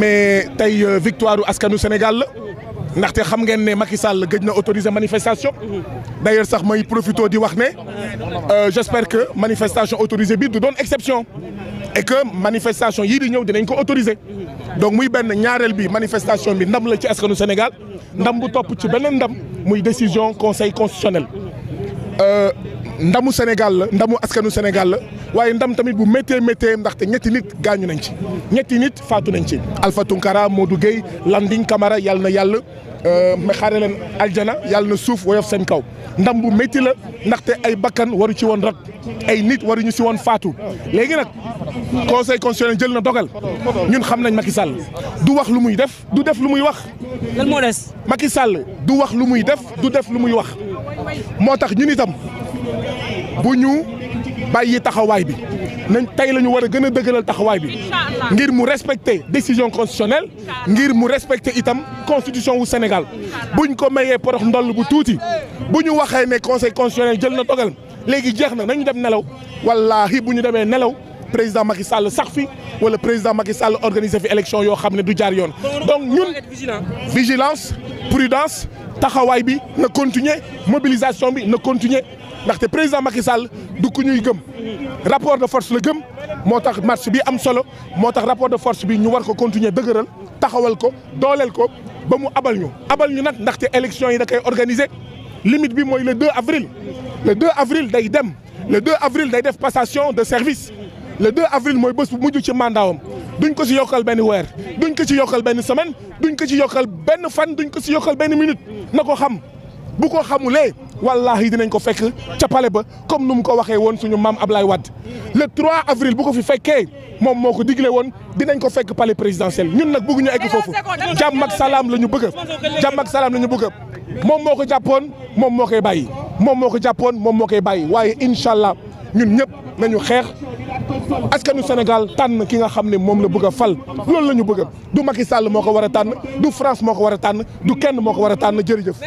mais tey euh, victoire askanu Sénégal ndaxte xam ngeen ne Macky Sall gëj na autoriser manifestation d'ailleurs sax may profito di wax ne euh, j'espère que manifestation autorisée bi du doon exception est que manifestation yii di ñëw dinañ ko autoriser donc muy benn ñaareel bi manifestation bi ndam la ci askanu Sénégal ndam bu topp ci benn ndam muy décision conseil constitutionnel euh, ndamu Sénégal ndamu askanu Sénégal waaye ndam tamit bu méttee méttee ndaxte ñetti nit gaañu nañ ci ñetti nit faatu nañ ci Alpha Tunkara Modou Gueye Landing Camara yàlla na yàlla euh, ma xaare leen aljana yàlla na suuf woyof seen kaw ndam bu métti la ndaxte ay bakkan waru ci woon rak ay nit waruñu si woon faatu léegi nag conseil constitutionnel jël na dogal ñun xam nañ Macky sàll du wax lu muy def du def lu muy wax. lan moo des. du wax lu muy def du def lu muy wax moo tax ñun itam bu ñu bàyyi taxawaay bi nañ tey la ñu war a gën a dëgëral taxawaay bi ngir mu respecter décision constitutionnelle ngir mu respecter itam constitution wu Sénégal ñu ko mayee porox ndoll bu tuuti bu ñu waxee ne conseil constitutionnel jël na dogal léegi jeex na nañu dem nelaw wallaahi bu ñu demee nelaw président Macky Sall sax fi wala président Macky Sall organiser fi élection yoo xam ne du jaar yoon donc ñun vigilance prudence taxawaay bi na continuer mobilisation bi na continuer ndaxte président Macky Sall du ku ñuy gëm rapport de force la gëm moo tax match bi am solo moo tax rapport de force bi ñu war ko continuer dëgëral taxawal ko dooleel ko ba mu abal ñu. abal ñu nag ndaxte élection yi da koy organiser limite bi mooy le 2 avril le 2 avril day dem le 2 avril day def passation de service le 2 avril mooy bés bu mujj ci mandaawam duñ ko si yokkal benn weer duñ ko ci yokkal benn semaine duñ ko ci yokkal benn fan duñ ko si yokkal benn minute na ko xam bu ko xamulee. wallaahi dinañ ko fekk ca pale ba comme nu mu ko waxee woon suñu maam ab Ablaye Wade le trois avril bu ko fi fekkee moom moo ko digle woon dinañ ko fekk pale présidentiel ñun nag bëgguñu egg foofu jàmm ak salaam la ñu bëgg a jàmm salaam la ñu bëgg moom moo ko jàppoon moom moo koy bàyyi moom moo ko jàppoon moom moo koy bàyyi waaye incha allah ñun ñëpp nañu xeex askanu Sénégal tànn ki nga xam ne moom la bëgg a fal loolu la ñu bëgg a du Macky Sall moo ko war a tànn du France moo ko war a tànn du kenn moo ko war a tànn jërëjëf